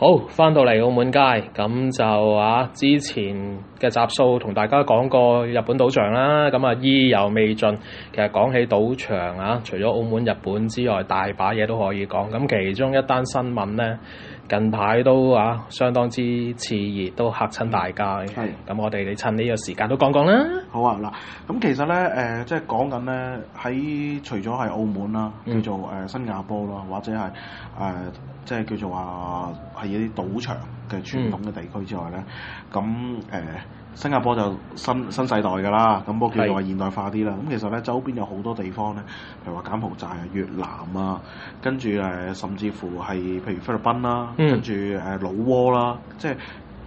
好，翻到嚟澳門街，咁就啊，之前嘅集數同大家講過日本賭場啦，咁啊意猶未盡。其實講起賭場啊，除咗澳門、日本之外，大把嘢都可以講。咁其中一單新聞呢。近排都啊，相當之熾熱，都嚇親大家。係，咁我哋你趁呢個時間都講講啦。好啊，嗱，咁其實咧，誒、呃，即係講緊咧，喺除咗係澳門啦，叫做誒新加坡啦，或者係誒、呃，即係叫做話係啲賭場。嘅傳統嘅地區之外咧，咁誒、呃、新加坡就新新世代噶啦，咁不過叫做話現代化啲啦。咁其實咧，周邊有好多地方咧，譬如話柬埔寨啊、越南啊，跟住誒、呃、甚至乎係譬如菲律賓啦、啊，嗯、跟住誒、呃、老撾啦、啊，即係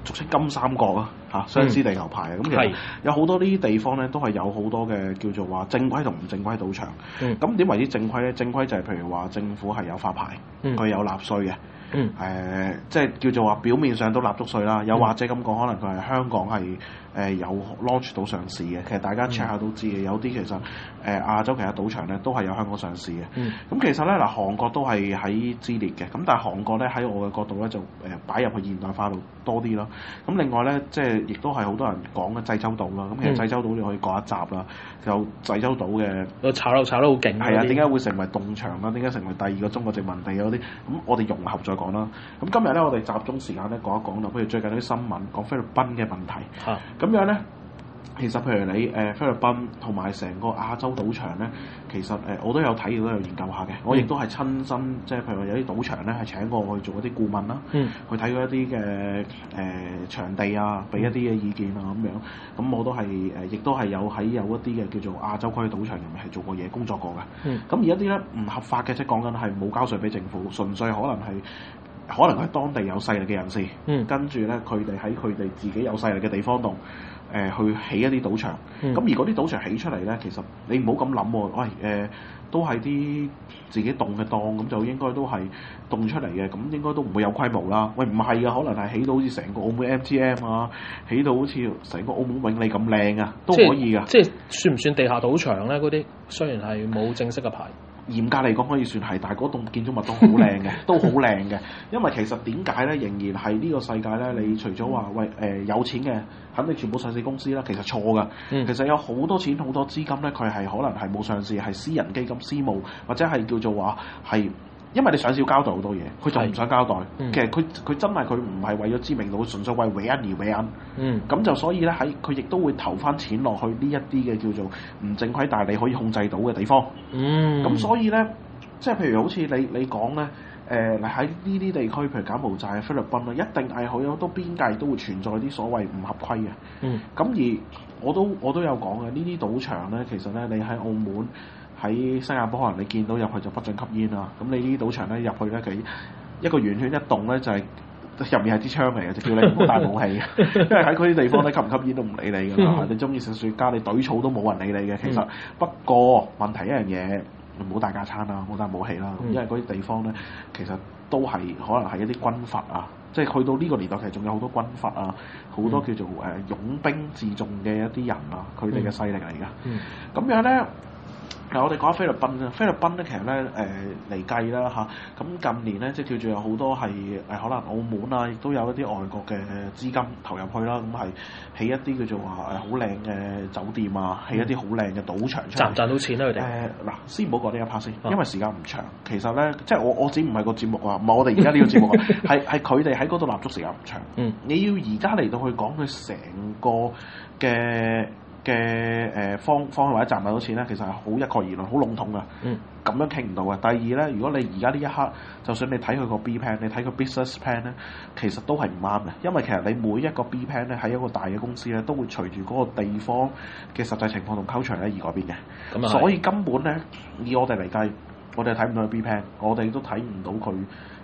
俗稱金三角啊，嚇相思地球牌啊。咁其實有好多呢啲地方咧，都係有好多嘅叫做話正規同唔正規賭場。咁點、嗯、為之正規咧？正規就係譬如話政府係有發牌，佢有納稅嘅。嗯，誒、呃，即係叫做話表面上都納足稅啦，又、嗯、或者咁講，可能佢係香港係。誒、呃、有 launch 到上市嘅，其實大家 check 下都知嘅。嗯、有啲其實誒、呃、亞洲其他賭場咧都係有香港上市嘅。咁、嗯嗯、其實咧嗱，韓國都係喺之列嘅。咁但係韓國咧喺我嘅角度咧就誒、呃、擺入去現代化度多啲咯。咁、嗯、另外咧即係亦都係好多人講嘅濟州島啦。咁其實濟州島你可以講一集啦，有濟州島嘅、嗯。炒樓炒得好勁。係啊，點解會成為動場啦？點解成為第二個中國殖民地嗰啲？咁、嗯嗯嗯、我哋融合再講啦。咁、嗯嗯、今日咧我哋集中時間咧講一講啦，譬如最近啲新聞講菲律賓嘅問題。啊啊咁樣呢，其實譬如你誒菲律賓同埋成個亞洲賭場呢，其實誒我都有睇都有研究下嘅。我亦都係親身，即係譬如話有啲賭場呢係請過我去做一啲顧問啦，去睇過一啲嘅誒場地啊，俾一啲嘅意見啊咁樣。咁我都係誒，亦都係有喺有一啲嘅叫做亞洲區賭場入面係做過嘢、工作過嘅。咁而一啲呢，唔合法嘅，即係講緊係冇交稅俾政府，純粹可能係。可能係當地有勢力嘅人士，嗯、跟住咧，佢哋喺佢哋自己有勢力嘅地方度誒、呃、去起一啲賭場。咁、嗯、而嗰啲賭場起出嚟咧，其實你唔好咁諗，喂、哎，誒、呃、都係啲自己動嘅檔，咁就應該都係動出嚟嘅，咁應該都唔會有規模啦。喂，唔係噶，可能係起到好似成個澳門 MGM 啊，起到好似成個澳門永利咁靚啊，是都可以噶。即係算唔算地下賭場咧？嗰啲雖然係冇正式嘅牌。嚴格嚟講可以算係，但係嗰棟建築物都好靚嘅， 都好靚嘅。因為其實點解咧，仍然係呢個世界咧，你除咗話喂誒、呃、有錢嘅，肯定全部上市公司啦。其實錯㗎，其實有好多錢好多資金咧，佢係可能係冇上市，係私人基金，私募或者係叫做話係。因為你想少交代好多嘢，佢就唔想交代。的嗯、其實佢佢真係佢唔係為咗知名度，純粹為揾銀而揾銀。咁就所以呢，喺佢亦都會投翻錢落去呢一啲嘅叫做唔正規，但係你可以控制到嘅地方。咁、嗯、所以呢，即係譬如好似你你講呢，誒、呃，你喺呢啲地區，譬如柬埔寨、菲律賓啦，一定係好多邊界都會存在啲所謂唔合規嘅。咁、嗯、而我都我都有講嘅，呢啲賭場呢，其實呢，你喺澳門。喺新加坡可能你見到入去就不准吸煙啦，咁你呢啲賭場咧，入去咧，佢一個圓圈一棟咧就係、是、入面係支槍嚟嘅，就叫你唔好帶武器。 因為喺嗰啲地方咧，吸唔吸煙都唔理你㗎嘛、嗯，你中意食雪茄你對草都冇人理你嘅。其實、嗯、不過問題一樣嘢，唔好帶架撐啦，唔好帶武器啦，嗯、因為嗰啲地方咧，其實都係可能係一啲軍閥啊，即、就、係、是、去到呢個年代其實仲有好多軍閥啊，好、嗯、多叫做誒擁兵自重嘅一啲人啊，佢哋嘅勢力嚟㗎咁樣咧。嗱，我哋講下菲律賓啊，菲律賓咧其實咧，誒嚟計啦嚇，咁近年咧即係叫做有好多係誒可能澳門啊，亦都有一啲外國嘅資金投入去啦，咁係起一啲叫做話誒好靚嘅酒店啊，起一啲好靚嘅賭場出嚟。賺唔賺到錢咧、啊？佢哋誒嗱，先唔好講呢一 part 先，啊、因為時間唔長。其實咧，即係我我自唔係個節目啊，唔係我哋而家呢個節目嘅，係係佢哋喺嗰度立足時間唔長。嗯， 你要而家嚟到去講佢成個嘅。嘅誒、呃、方方向或者賺唔到錢咧，其實係好一概而論，好籠統㗎，咁、嗯、樣傾唔到嘅。第二咧，如果你而家呢一刻，就算你睇佢個 B plan，你睇佢 business plan 咧，其實都係唔啱嘅，因為其實你每一個 B plan 咧，喺一個大嘅公司咧，都會隨住嗰個地方嘅實際情況同 culture 咧而改變嘅，嗯、所以根本咧，嗯、以我哋嚟計，我哋睇唔到佢 B plan，我哋都睇唔到佢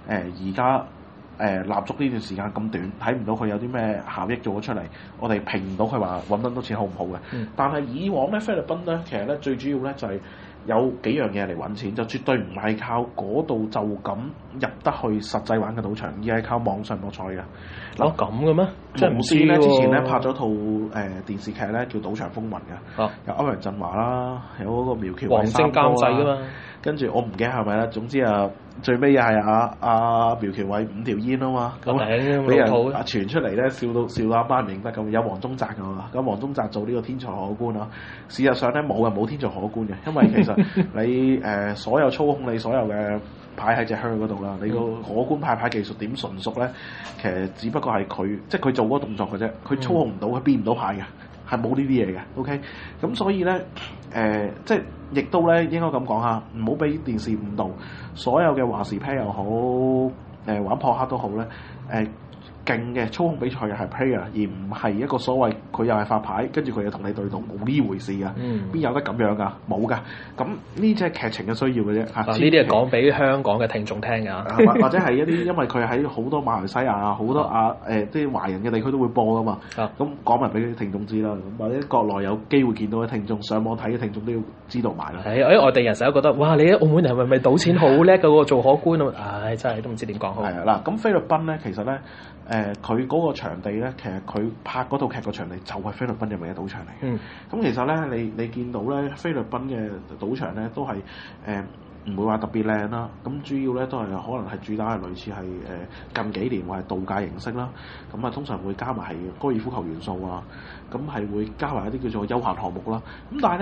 誒而家。呃誒立足呢段時間咁短，睇唔到佢有啲咩效益做咗出嚟，我哋評唔到佢話揾得多錢好唔好嘅。嗯、但係以往咧菲律賓咧，其實咧最主要咧就係、是、有幾樣嘢嚟揾錢，就絕對唔係靠嗰度就咁入得去實際玩嘅賭場，而係靠網上博彩嘅。哦咁嘅咩？即唔思咧之前咧拍咗套誒、呃、電視劇咧叫《賭場風雲》嘅、啊，有歐陽震華啦，有嗰個苗僑偉、啊，王生監製噶嘛，跟住我唔記得係咪啦，總之啊～最尾又係阿阿苗僑偉五條煙啊嘛，咁俾、嗯嗯、人傳出嚟咧、嗯，笑到笑到阿媽唔認得咁，有黃宗澤㗎嘛，咁黃宗澤做呢個天才可觀啊，事實上咧冇啊，冇天才可觀嘅，因為其實你誒、 呃、所有操控你所有嘅牌喺隻靴嗰度啦，你個可觀派派技術點純熟咧，其實只不過係佢即係佢做嗰動作嘅啫，佢操控唔到，佢變唔到牌嘅。係冇呢啲嘢嘅，OK，咁所以咧，誒、呃，即係亦都咧，應該咁講吓，唔好俾電視誤導，所有嘅話事啤又好，誒、呃，玩撲克都好咧，誒、呃。勁嘅操控比賽又係 player 而唔係一個所謂佢又係發牌，跟住佢又同你對賭，冇呢回事、嗯、啊！邊有得咁樣啊？冇噶，咁呢？即係劇情嘅需要嘅啫嚇。呢啲係講俾香港嘅聽眾聽㗎、啊，或者係一啲因為佢喺好多馬來西亞啊，好多啊誒啲華人嘅地區都會播㗎嘛。咁講埋俾啲聽眾知啦。咁或者國內有機會見到嘅聽眾，上網睇嘅聽眾都要知道埋啦。喺外地人成日覺得哇，你喺澳門人係咪咪賭錢好叻㗎喎？做荷官啊唉、哎，真係都唔知點講好的。係啊，嗱、啊，咁、啊啊、菲律賓咧，其實咧誒。呃誒佢嗰個場地咧，其實佢拍嗰套劇個場地就係菲律賓入面嘅賭場嚟嘅。咁、嗯、其實咧，你你見到咧，菲律賓嘅賭場咧都係誒唔會話特別靚啦。咁、啊、主要咧都係可能係主打係類似係誒、呃、近幾年話係度假形式啦。咁啊，通常會加埋係高爾夫球元素啊。咁、啊、係會加埋一啲叫做休閒項目啦。咁、啊、但係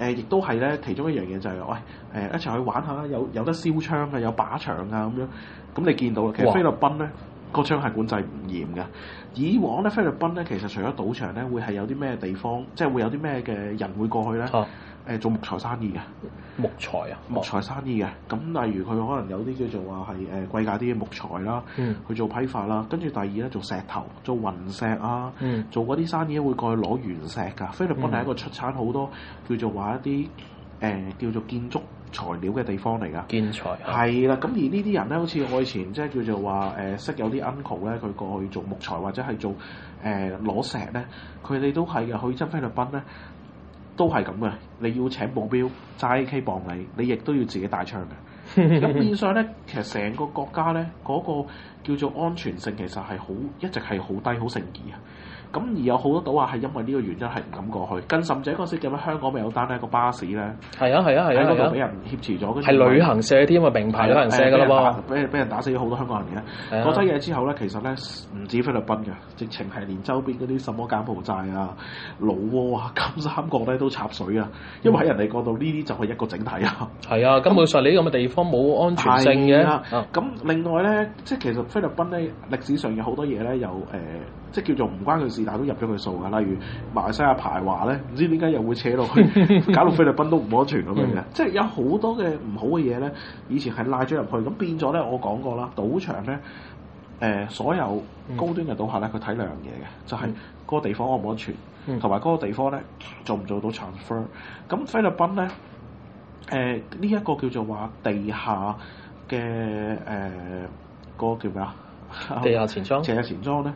咧誒，亦都係咧其中一樣嘢就係喂誒一齊去玩下啦。有有得燒槍啊，有靶場啊咁樣。咁你見到啦，其實菲律賓咧。哇哇個槍係管制唔嚴嘅。以往咧，菲律賓咧，其實除咗賭場咧，會係有啲咩地方，即係會有啲咩嘅人會過去咧，誒、啊、做木材生意嘅。木材啊，木材生意嘅。咁例如佢可能有啲叫做話係誒貴價啲嘅木材啦，嗯、去做批發啦。跟住第二咧做石頭，做雲石啊，嗯、做嗰啲生意會過去攞原石㗎。菲律賓係一個出產好多叫做話一啲誒、呃、叫做建築材料嘅地方嚟噶，建材係、啊、啦。咁而呢啲人咧，好似我以前即係叫做話誒、呃、識有啲 uncle 咧，佢過去做木材或者係做誒攞、呃、石咧，佢哋都係嘅。去親菲律賓咧，都係咁嘅。你要請保鏢揸 AK 傍你，你亦都要自己帶槍嘅。咁 變相咧，其實成個國家咧嗰，那個叫做安全性其實係好一直係好低好成疑啊。咁而有好多島啊係因為呢個原因係唔敢過去，更甚者嗰時咁香港咪有單一個巴士咧，係啊係啊係啊，嗰度俾人挾持咗，跟住係旅行社添啊，名牌旅行社噶喎，俾人俾人打死咗好多香港人嚟咧。過多嘢之後咧，其實咧唔止菲律賓嘅，直情係連周邊嗰啲什麼柬埔寨啊、老撾啊、金三角咧都插水啊，因為喺人哋嗰度呢啲就係一個整體啊。係啊，根本上你咁嘅地方冇安全性嘅。咁另外咧，即係其實菲律賓咧歷史上有好多嘢咧，有誒。即係叫做唔關佢事，但係都入咗佢數㗎。例如馬來西亞排華咧，唔知點解又會扯落去 搞到菲律賓都唔安全咁樣嘅。 即係有多好多嘅唔好嘅嘢咧，以前係賴咗入去，咁變咗咧。我講過啦，賭場咧，誒、呃、所有高端嘅賭客咧，佢睇兩樣嘢嘅，就係、是、嗰個地方安唔安全，同埋嗰個地方咧做唔做到 transfer。咁菲律賓咧，誒呢一個叫做話地下嘅誒嗰個叫咩啊？地下錢莊、地下錢莊咧。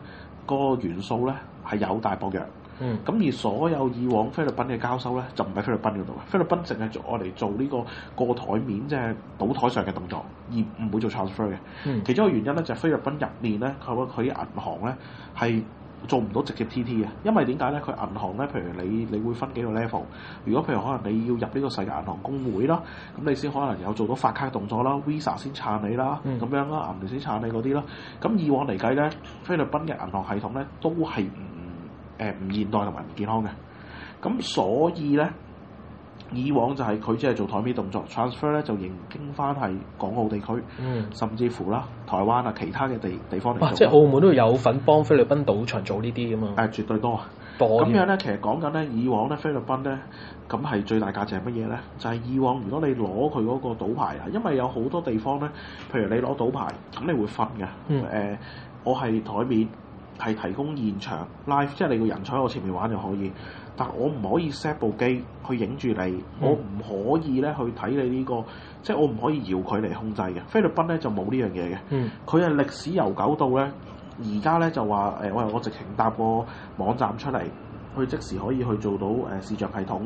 個元素咧係有大薄弱，咁、嗯、而所有以往菲律賓嘅交收咧就唔喺菲律賓嗰度，菲律賓淨係做我嚟做呢個個台面即係、就是、賭枱上嘅動作，而唔會做 transfer 嘅。嗯、其中一個原因咧就係、是、菲律賓入面咧，佢佢銀行咧係。做唔到直接 TT 啊，因為點解咧？佢銀行咧，譬如你，你會分幾個 level。如果譬如可能你要入呢個世界銀行公會啦，咁你先可能有做到發卡動作啦，Visa 先撐你啦，咁樣啦，銀聯先撐你嗰啲啦。咁以往嚟計咧，菲律賓嘅銀行系統咧都係唔誒唔現代同埋唔健康嘅。咁所以咧。以往就係佢只係做台面動作，transfer 咧就仍經翻係港澳地區，嗯、甚至乎啦台灣啊其他嘅地地方嚟、啊、即係澳門都有份幫菲律賓賭場做呢啲㗎嘛？誒、嗯，絕對多啊！咁的樣咧，其實講緊咧，以往咧菲律賓咧，咁係最大價值係乜嘢咧？就係、是、以往如果你攞佢嗰個賭牌啊，因為有好多地方咧，譬如你攞賭牌，咁你會分嘅。誒、嗯呃，我係台面。係提供現場 live，即係你個人坐喺我前面玩就可以，但我唔可以 set 部機去影住你，嗯、我唔可以咧去睇你呢、呢個，即係我唔可以搖佢嚟控制嘅。菲律賓咧就冇呢樣嘢嘅，佢係、嗯、歷史悠久到咧，而家咧就話誒喂，我直情搭個網站出嚟，去即時可以去做到誒視像系統。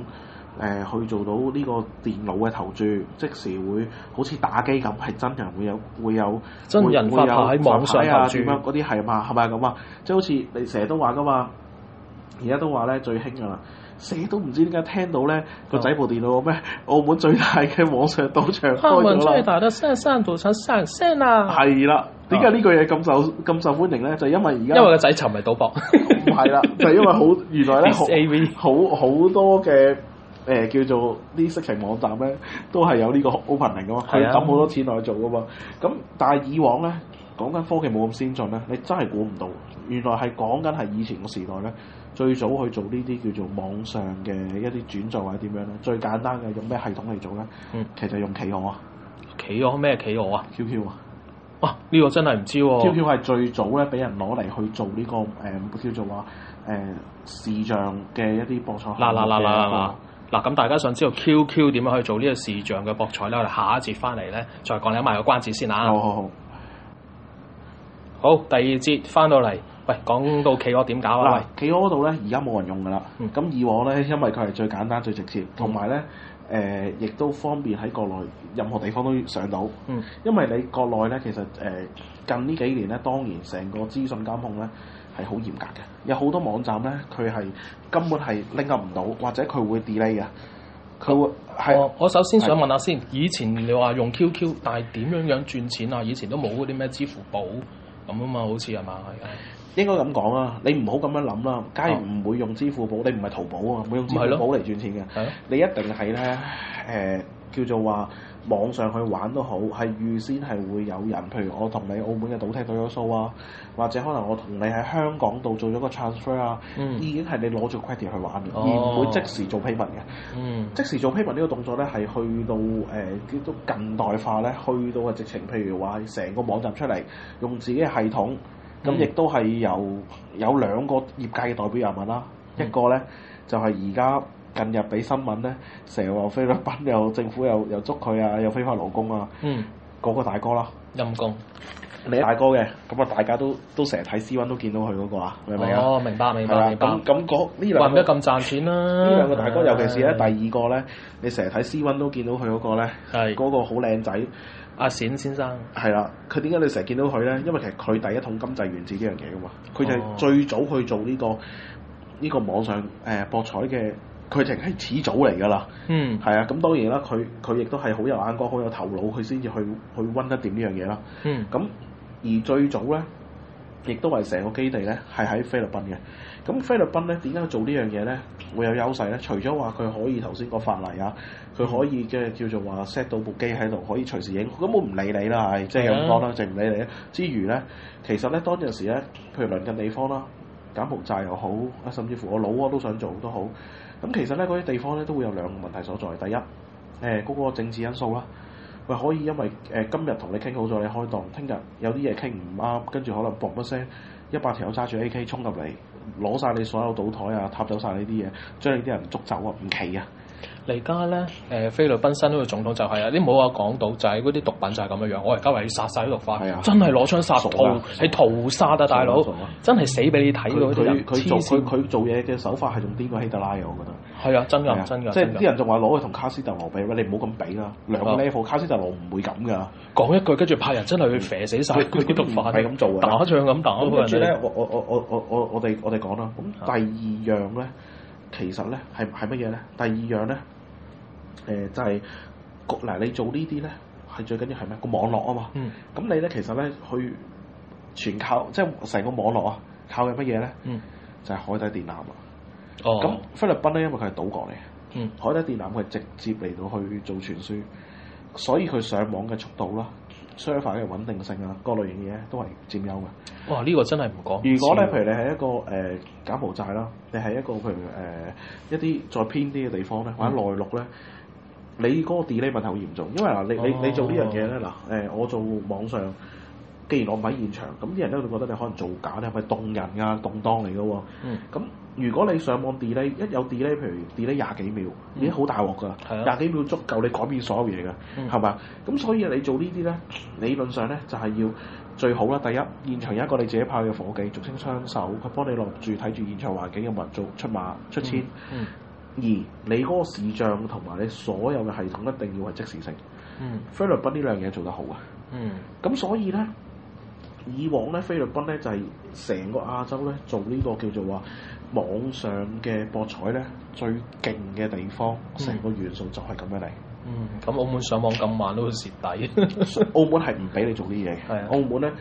誒，去做到呢個電腦嘅投注，即時會好似打機咁，係真人會有會有真人發牌喺網上啊，轉啊嗰啲係嘛，係咪咁啊？即係好似你成日都話噶嘛，而家都話咧最興噶啦，死都唔知點解聽到咧個仔部電腦咩？澳門最大嘅網上賭場開咗，澳門最大得三十三賭場三十三啦！係啦，點解呢句嘢咁受咁受歡迎咧？就係、因為而家因為個仔沉迷賭博，唔係啦，就係、因為好原來咧好好好，好，好多嘅。誒、呃、叫做啲色情網站咧，都係有呢個 opening 噶嘛，係抌好多錢落去做噶嘛。咁但係以往咧，講緊科技冇咁先進咧，你真係估唔到，原來係講緊係以前嘅時代咧，最早去做呢啲叫做網上嘅一啲轉賬或者點樣咧，最簡單嘅用咩系統嚟做咧？嗯、其實用企鵝啊，企鵝咩企鵝啊？QQ 啊？哇！呢個真係唔知喎、啊。QQ 係最早咧，俾人攞嚟去做呢、這個誒、呃、叫做話、這、誒、個呃、視像嘅一啲博彩行業嘅一個。嗱，咁大家想知道 QQ 點樣去做呢個視像嘅博彩咧？我哋下一節翻嚟咧，再講你賣個關子先啊！好好好，好，第二節翻到嚟，喂，講到企鵝點搞啊？嗱，企鵝度咧，而家冇人用噶啦。咁以往咧，因為佢係最簡單、最直接，同埋咧，誒、呃，亦都方便喺國內任何地方都上到。嗯，因為你國內咧，其實誒、呃、近呢幾年咧，當然成個資訊監控咧。係好嚴格嘅，有好多網站呢，佢係根本係拎入唔到，或者佢會 delay 嘅。佢會係我，是我首先想問下先。是以前你話用 QQ，但係點樣樣賺錢啊？以前都冇嗰啲咩支付寶咁啊嘛，好似係嘛？應該咁講啊！你唔好咁樣諗啦，假如唔會用支付寶，你唔係淘寶啊，唔會用支付寶嚟賺錢嘅。的你一定係呢，誒、呃、叫做話。網上去玩都好，係預先係會有人，譬如我同你澳門嘅賭廳對咗數啊，或者可能我同你喺香港度做咗個 transfer 啊，嗯、已經係你攞住 credit 去玩嘅，哦、而唔會即時做 payment 嘅。嗯，即時做 payment 呢個動作呢，係去到誒叫做近代化呢，去到啊直情，譬如話成個網站出嚟用自己嘅系統，咁亦、嗯、都係由有兩個業界嘅代表人物啦，嗯、一個呢，就係而家。近日俾新聞咧，成日話菲律賓又政府又又捉佢啊，又非法勞工啊。嗯，嗰個大哥啦，陰公功，你大哥嘅。咁啊，大家都都成日睇 C 温都見到佢嗰個啊，明唔明啊？哦，明白，明白，明白，咁咁講呢兩個咁賺錢啦、啊。呢兩個大哥，的尤其是咧第二個咧，你成日睇 C 温都見到佢嗰個咧，嗰的個好靚仔阿冼、啊、先生。係啦，佢點解你成日見到佢咧？因為其實佢第一桶金就係源自呢樣嘢噶嘛。佢就係最早去做呢、這個呢、這個網上誒、這個、博彩嘅。佢淨係始祖嚟㗎啦，嗯，係啊，咁當然啦，佢佢亦都係好有眼光、好有頭腦，佢先至去去温得掂呢樣嘢啦，嗯，咁而最早咧，亦都係成個基地咧係喺菲律賓嘅，咁菲律賓咧點解做呢樣嘢咧會有優勢咧？除咗話佢可以頭先個法例啊，佢可以嘅叫做話 set 到部機喺度，可以隨時影，根本唔理你啦，係即係咁講啦，就唔理你啦。之餘咧，其實咧，當陣時咧，譬如鄰近地方啦。柬埔寨又好，啊甚至乎我老撾都想做都好。咁其實咧，嗰啲地方咧都會有兩個問題所在。第一，誒、呃、嗰、嗰個政治因素啦，佢、呃、可以因為誒、呃、今日同你傾好咗，你開檔，聽日有啲嘢傾唔啱，跟住可能噥一聲，一百條友揸住 AK 衝入嚟，攞晒你所有賭枱啊，撻走晒呢啲嘢，將你啲人捉走啊，唔奇啊！而家咧，誒菲律賓新呢個總統就係啊，你冇話講到就係嗰啲毒品就係咁樣樣。我而家話要殺晒啲毒犯，真係攞槍殺屠，係屠殺啊大佬！真係死俾你睇。佢佢做佢做嘢嘅手法係用顛過希特拉，我覺得。係啊，真㗎，真㗎。即係啲人仲話攞去同卡斯特羅比，你唔好咁比啊。兩 level 卡斯特羅唔會咁㗎。講一句，跟住派人真係去射死晒啲毒犯。佢唔係咁做啊，打仗咁打。跟住咧，我我我我我我哋我哋講啦。咁第二樣咧。其實咧係係乜嘢咧？第二樣咧，誒、呃、就係、是、嗱，你做呢啲咧，係最緊要係咩？網嗯、個網絡啊嘛，咁你咧其實咧去全靠即係成個網絡啊，靠嘅乜嘢咧？就係海底電纜啊。咁、哦、菲律賓咧，因為佢係島國嚟，海底電纜佢係直接嚟到去做傳輸，所以佢上網嘅速度啦。server 嘅穩定性啊，各類型嘢都係佔優嘅。哇！呢、這個真係唔講。如果咧，譬如你係一個誒柬埔寨啦，你係一個譬如誒、呃、一啲再偏啲嘅地方咧，嗯、或者內陸咧，你嗰個 delay 問題好嚴重。因為嗱，你你、哦、你做呢樣嘢咧嗱，誒、呃、我做網上，既然我唔喺現場，咁啲人咧會覺得你可能造假，你係咪動人啊、動盪嚟嘅喎？嗯。咁、嗯。如果你上網 delay，一有 delay，譬如 delay 廿幾秒，已經好大鑊㗎喇。廿幾秒足夠你改變所有嘢㗎，係嘛、嗯？咁所以你做呢啲呢，理論上呢，就係要最好啦。第一，現場有一個你自己派嘅夥計，俗稱槍手，佢幫你落住睇住現場環境有冇人做出馬出千。嗯嗯、而你嗰個視像同埋你所有嘅系統一定要係即時性。嗯嗯、菲律賓呢兩樣嘢做得好啊。咁所以呢。以往咧，菲律賓咧就係成個亞洲咧做呢個叫做話網上嘅博彩咧最勁嘅地方，成、嗯、個元素就係咁樣嚟。嗯，咁、嗯、澳門上網咁慢都會蝕底。澳門係唔俾你做啲嘢。係是啊，澳門咧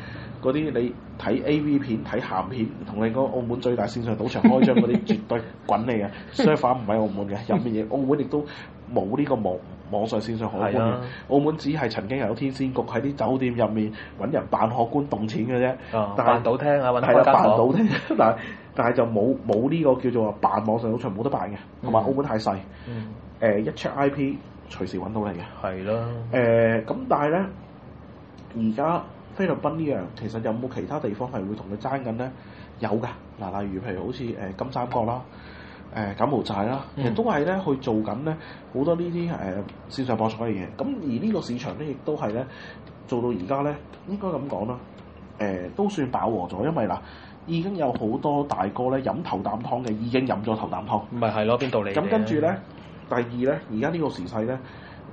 嗰啲你睇 A V 片、睇鹹片，同你講澳門最大線上賭場開張嗰啲絕對滾你嘅。相反唔喺澳門嘅有乜嘢，澳門亦都冇呢個網網上線上賭場。是啊、澳門只係曾經有天仙局喺啲酒店入面揾人扮荷官動錢嘅啫。哦，扮賭但廳啊，揾個教頭。係啊，扮賭廳，但係但係就冇冇呢個叫做話扮網上賭場冇得扮嘅，同埋澳門太細。嗯，嗯、呃，一出 I P。隨時揾到你嘅，係啦的。誒、呃，咁但係咧，而家菲律賓呢樣其實有冇其他地方係會同佢爭緊咧？有㗎，嗱，例如譬如好似誒金三角啦、誒柬埔寨啦，亦、啊、都係咧去做緊咧好多呢啲誒線上博彩嘅嘢。咁而呢個市場咧亦都係咧做到而家咧，應該咁講啦。誒、呃，都算飽和咗，因為嗱已經有好多大哥咧飲頭啖湯嘅，已經飲咗頭啖湯。唔係，係咯，邊度嚟？咁跟住咧。第二呢，而家呢個時勢呢，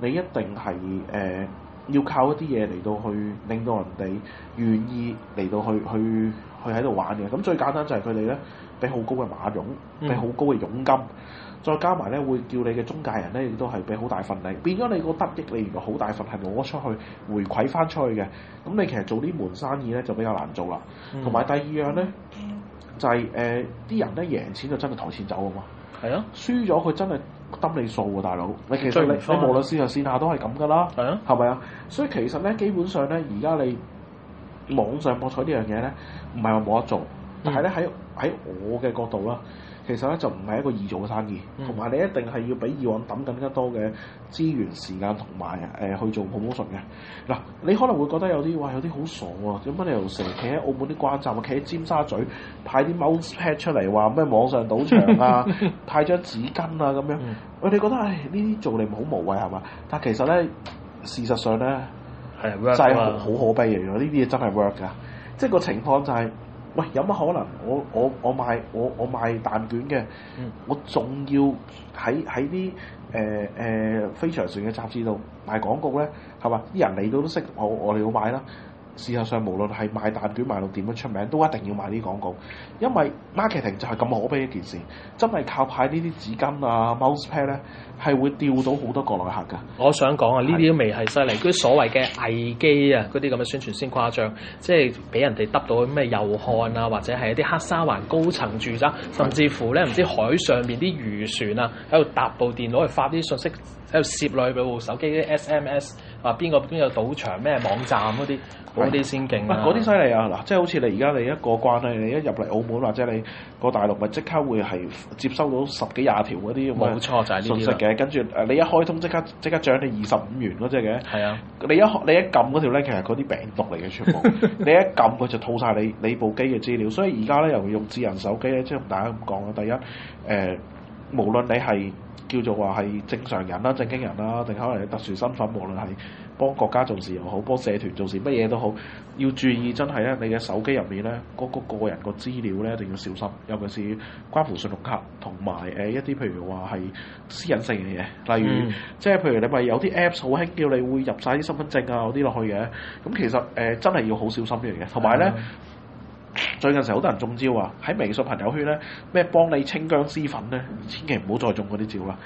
你一定係誒、呃、要靠一啲嘢嚟到去令到人哋願意嚟到去去去喺度玩嘅。咁最簡單就係佢哋呢俾好高嘅馬傭，俾好高嘅傭金，再加埋呢會叫你嘅中介人呢亦都係俾好大份利，變咗你個得益，你如果好大份係攞咗出去回饋翻出去嘅。咁你其實做呢門生意呢就比較難做啦。同埋、嗯、第二樣呢，就係誒啲人呢贏錢就真係抬錢走啊嘛。係啊，輸咗佢真係得你數喎，大佬。你其實你你無論線上線下都係咁噶啦，係啊，係咪啊？所以其實咧，基本上咧，而家你網上博彩呢樣嘢咧，唔係話冇得做，但係咧喺喺我嘅角度啦。其實咧就唔係一個易做嘅生意，同埋你一定係要比以往抌更加多嘅資源、時間同埋誒去做 promotion 嘅。嗱、啊，你可能會覺得有啲哇，有啲好傻喎、啊，做乜嘢又成日企喺澳門啲關閘，或企喺尖沙咀派啲 mouse pad 出嚟，話咩網上賭場啊， 派張紙巾啊咁樣。我哋、 哎、覺得誒，呢、哎、啲做嚟好無謂係嘛？但其實咧，事實上咧，真係好可悲嘅。原來呢啲嘢真係 work 㗎，即係個情況就係、是。喂，有乜可能？我我我賣我我賣蛋卷嘅，嗯我，我仲要喺喺啲誒誒非常船嘅雜誌度賣廣告咧，係嘛？啲人嚟到都識我，我哋要買啦。事實上，無論係賣蛋卷賣到點樣出名，都一定要買啲廣告，因為 marketing 就係咁可悲一件事，真係靠派呢啲紙巾啊、mousepad 咧，係會釣到好多國內客㗎。我想講啊，呢啲都未係犀利，嗰啲所謂嘅危機啊，嗰啲咁嘅宣傳先誇張，即係俾人哋得到咩油汗啊，或者係一啲黑沙環高層住宅，甚至乎咧唔知海上面啲漁船啊，喺度搭部電腦去發啲信息，喺度攝落去俾部手機啲 SMS。啊，邊個邊個賭場咩網站嗰啲啲先勁啊！嗰啲犀利啊！嗱，即係好似你而家你一過關咧，你一入嚟澳門或者你過大陸，咪即刻會係接收到十幾廿條嗰啲咁嘅信息嘅。跟住誒，你一開通即刻即刻獎你二十五元嗰隻嘅。係啊是的！你一你一撳嗰條咧，其實嗰啲病毒嚟嘅全部。 你一撳佢就套晒你你部機嘅資料。所以而家咧又用智能手機咧，即係同大家咁講啦。第一誒、呃，無論你係。叫做話係正常人啦、正經人啦，定可能你特殊身份，無論係幫國家做事又好，幫社團做事乜嘢都好，要注意真係咧，你嘅手機入面咧嗰、那個個人個資料咧一定要小心，尤其是關乎信用卡同埋誒一啲譬如話係私隱性嘅嘢，例如即係、嗯、譬如你咪有啲 Apps 好興叫你會入晒啲身份證啊嗰啲落去嘅，咁其實誒真係要好小心呢樣嘢，同埋咧。最近成日好多人中招啊！喺微信朋友圈咧，咩幫你清僵屍粉咧，千祈唔好再中嗰啲招啦。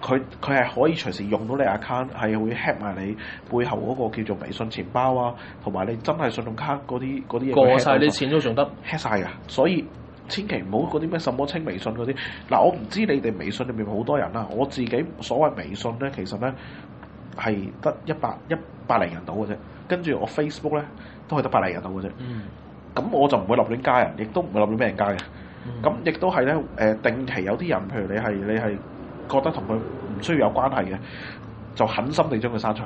佢佢係可以隨時用到你 account，係會 hack 埋你背後嗰個叫做微信錢包啊，同埋你真係信用卡嗰啲啲嘢。過晒啲錢都仲得 hack 曬啊！所以千祈唔好嗰啲咩什麼清微信嗰啲。嗱、哦，我唔知你哋微信裏面好多人啦，我自己所謂微信咧，其實咧係得一百一百零人到嘅啫。跟住我 Facebook 咧都係得百零人到嘅啫。嗯咁我就唔會立亂加人，亦都唔會立亂俾人加嘅。咁、嗯、亦都係咧，誒、呃、定期有啲人，譬如你係你係覺得同佢唔需要有關係嘅，就狠心地將佢刪除。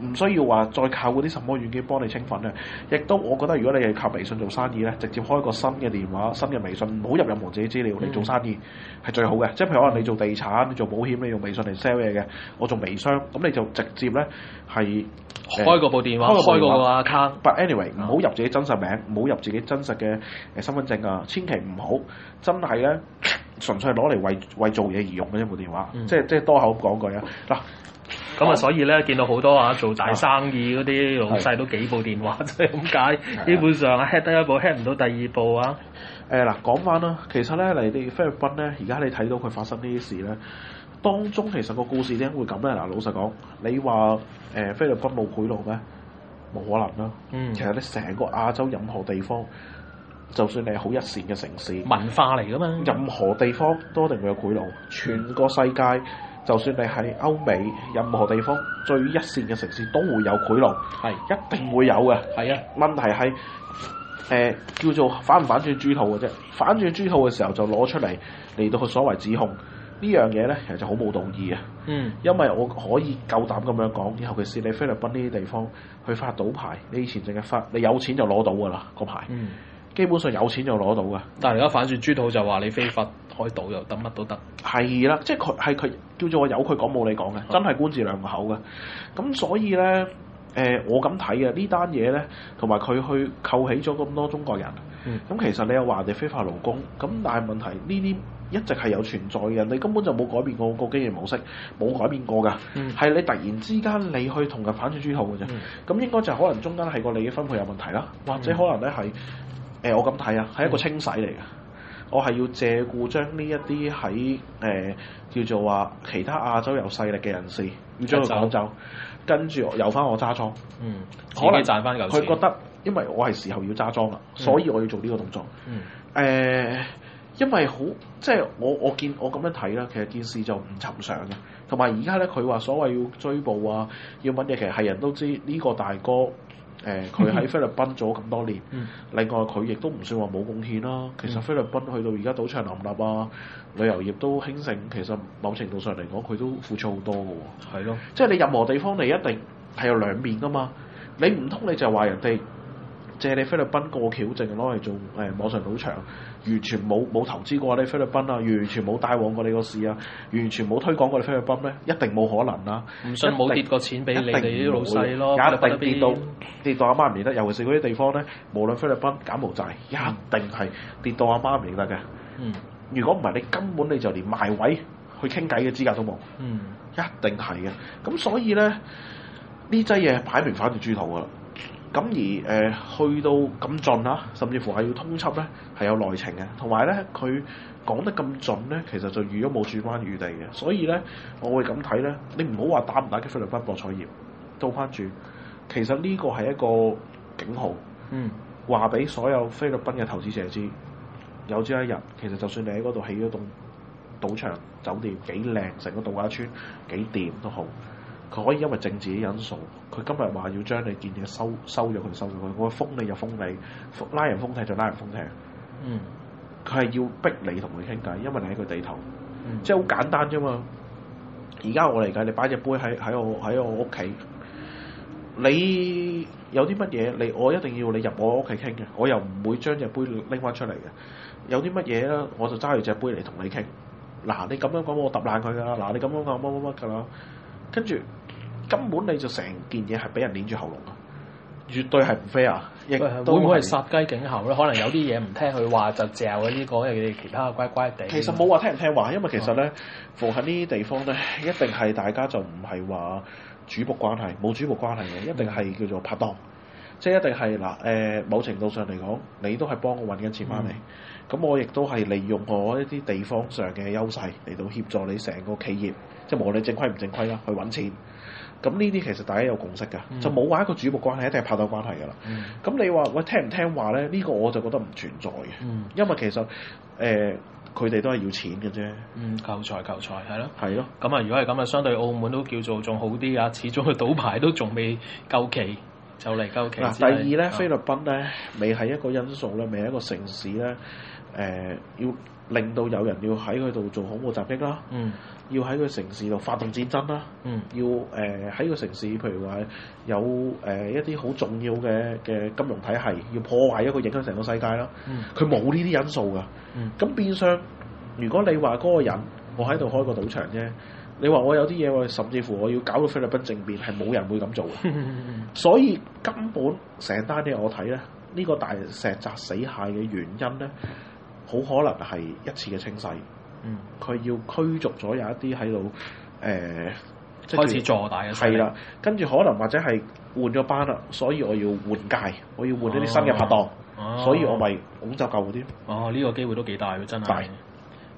唔需要話再靠嗰啲什麼軟件幫你清粉咧，亦都我覺得如果你係靠微信做生意咧，直接開個新嘅電話、新嘅微信，唔好入任何自己資料嚟做生意，係最好嘅。即係譬如可能你做地產、你做保險、你用微信嚟 sell 嘢嘅，我做微商，咁你就直接咧係、呃、開個部電話，開個電話卡。But anyway，唔好入自己真實名，唔好入自己真實嘅誒身份證啊！千祈唔好，真係咧，純粹係攞嚟為為做嘢而用嘅一部電話，即係即係多口講句啊嗱。咁啊，嗯、所以咧，見到好多啊，做大生意嗰啲老細都幾部電話啫，咁解的。 基本上 head 的得一部，head 唔到第二部啊。誒嗱、呃，講翻啦，其實咧你哋菲律賓咧，而家你睇到佢發生呢啲事咧，當中其實個故事點解會咁咧？嗱，老實講，你話誒、呃、菲律賓冇賄賂咩？冇可能啦。嗯。其實你成個亞洲任何地方，就算你係好一線嘅城市，文化嚟噶嘛。任何地方都一定會有賄賂，全個世界、嗯。就算你喺歐美任何地方最一線嘅城市都會有賄賂，係是一定會有嘅。係啊，問題係誒、呃、叫做反唔反轉豬肚嘅啫。反轉豬肚嘅時候就攞出嚟嚟到佢所謂指控呢樣嘢咧，其實就好冇道義啊。嗯，因為我可以夠膽咁樣講，尤其是你菲律賓呢啲地方去發賭牌，你以前淨係發，你有錢就攞到噶啦、那個牌。嗯。基本上有錢就攞到嘅，但係而家反轉豬肚就話你非法開賭又得，乜都得。係啦，即係佢係佢叫做我有佢講冇你講嘅，的真係官字兩個口嘅。咁所以咧，誒、呃、我咁睇嘅呢單嘢咧，同埋佢去扣起咗咁多中國人。咁、嗯、其實你又話人哋非法勞工，咁但係問題呢啲一直係有存在嘅，你根本就冇改變過個經營模式，冇改變過㗎。係、嗯、你突然之間你去同佢反轉豬肚㗎啫。咁、嗯、應該就可能中間係個利益分配有問題啦，或者、嗯、可能咧係、嗯。誒、呃、我咁睇啊，係一個清洗嚟嘅，嗯、我係要借故將呢一啲喺誒叫做話其他亞洲有勢力嘅人士，要將佢趕走，跟住我由返我揸莊，嗯，嗯、可能賺翻舊錢。佢覺得，因為我係時候要揸莊啦，嗯、所以我要做呢個動作。誒、嗯、呃，因為好即係我我見我咁樣睇啦，其實件事就唔尋常嘅。同埋而家咧，佢話所謂要追捕啊，要乜嘢，其實係人都知呢、呢個大哥。誒佢喺菲律賓做咁多年，嗯、另外佢亦都唔算話冇貢獻啦。其實菲律賓去到而家賭場林立啊，旅遊業都興盛，其實某程度上嚟講，佢都付出好多㗎喎。係咯，是的 即係你任何地方你一定係有兩面㗎嘛。你唔通你就話人哋？借你菲律賓過橋證攞嚟做誒網上賭場,場，完全冇冇投資過你菲律賓啊，完全冇帶旺過你個市啊，完全冇推廣過你菲律賓咩？一定冇可能啦、啊！唔信冇跌過錢俾你哋啲老細咯，一定跌到跌到阿媽唔認得，尤其是嗰啲地方咧，無論菲律賓、柬埔寨，一定係跌到阿媽唔認得嘅。嗯，如果唔係你根本你就連賣位去傾偈嘅資格都冇。嗯，一定係嘅。咁所以咧呢劑嘢擺明反轉豬肚噶啦。咁而誒、呃、去到咁盡啦，甚至乎係要通緝咧，係有內情嘅。同埋咧，佢講得咁盡咧，其實就預咗冇轉彎餘地嘅。所以咧，我會咁睇咧，你唔好話打唔打擊菲律賓博彩業，倒翻轉，其實呢個係一個警號，嗯，話俾所有菲律賓嘅投資者知，有朝一日其實就算你喺嗰度起咗棟賭場酒店幾靚，成個度假村幾掂都好。佢可以因為政治嘅因素，佢今日話要將你件嘢收收咗佢收咗佢，我封你就封你，拉人封艇就拉人封艇。嗯。佢係要逼你同佢傾偈，因為你喺佢地頭，即係好簡單啫嘛。而家我嚟嘅，你擺隻杯喺喺我喺我屋企，你有啲乜嘢，你我一定要你入我屋企傾嘅，我又唔會將隻杯拎返出嚟嘅。有啲乜嘢咧，我就揸住隻杯嚟同你傾。嗱，你咁樣講我揼爛佢噶啦，嗱，你咁樣講乜乜乜噶啦。跟住根本你就成件嘢係俾人捏住喉嚨噶，絕對係唔飛啊！亦都會唔會係殺雞儆猴咧？ 可能有啲嘢唔聽佢話就嚼啊、這個！呢個因為佢哋其他嘅乖乖哋其實冇話聽唔聽話，因為其實咧，附近呢啲地方咧，一定係大家就唔係話主僕關係，冇主僕關係嘅，一定係叫做拍檔。嗯嗯即係一定係嗱，誒、呃、某程度上嚟講，你都係幫我揾緊錢翻嚟，咁、嗯、我亦都係利用我一啲地方上嘅優勢嚟到協助你成個企業，即係無論你正規唔正規啦，去揾錢。咁呢啲其實大家有共識㗎，嗯、就冇話一個主僕關係，一定係拍檔關係㗎啦。咁、嗯、你話喂聽唔聽話咧？呢、呢個我就覺得唔存在嘅，嗯、因為其實誒佢哋都係要錢嘅啫。嗯，求財求財係咯，係咯。咁啊的，的如果係咁啊，相對澳門都叫做仲好啲啊，始終佢賭牌都仲未夠期。就嚟救棋。第二呢，菲律賓呢，未係一個因素咧，未係一個城市呢，誒、呃，要令到有人要喺佢度做恐怖襲擊啦，嗯，要喺個城市度發動戰爭啦，嗯、要，要誒喺個城市，譬如話有誒、呃、一啲好重要嘅嘅金融體系，要破壞咗佢，影響成個世界啦，佢冇呢啲因素㗎，咁、嗯、變相，如果你話嗰個人，我喺度開個賭場啫。你話我有啲嘢喎，甚至乎我要搞到菲律賓政變，係冇人會咁做。 所以根本成單嘢我睇咧，呢、呢個大石砸死蟹嘅原因咧，好可能係一次嘅清洗。嗯，佢要驅逐咗有一啲喺度誒，呃、即開始做大嘅。係啦，跟住可能或者係換咗班啦，所以我要換屆，我要換一啲新嘅拍檔，啊啊、所以我咪拱就舊嗰啲。哦、啊，呢、呢個機會都幾大喎，真係。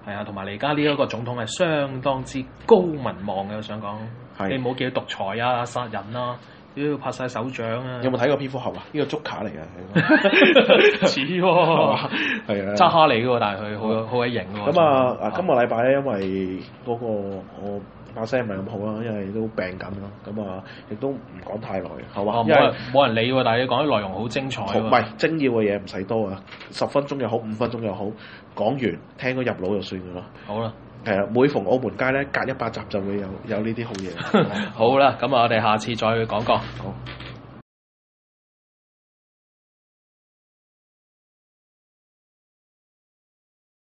係啊，同埋你而家呢一個總統係相當之高民望嘅，我想講，是你冇見到獨裁啊、殺人啊，都要拍晒手掌啊！你有冇睇過蝙蝠俠啊？呢個 Joker 嚟嘅，似喎，係啊，揸哈利嘅，但係佢、嗯、好好鬼型嘅。咁、嗯、是啊，今個禮拜咧，因為嗰、那個我。把聲唔係咁好啊，因為都病緊咯，咁啊亦都唔講太耐，係嘛人？哦，冇人冇人理喎，但係你講啲內容好精彩，唔係精要嘅嘢唔使多啊，十分鐘又好，五分鐘又好，講完聽到入腦就算㗎喇。好啦吧，誒，每逢澳門街咧，隔一百集就會有有呢啲好嘢。 好啦，咁啊，我哋下次再講講。好。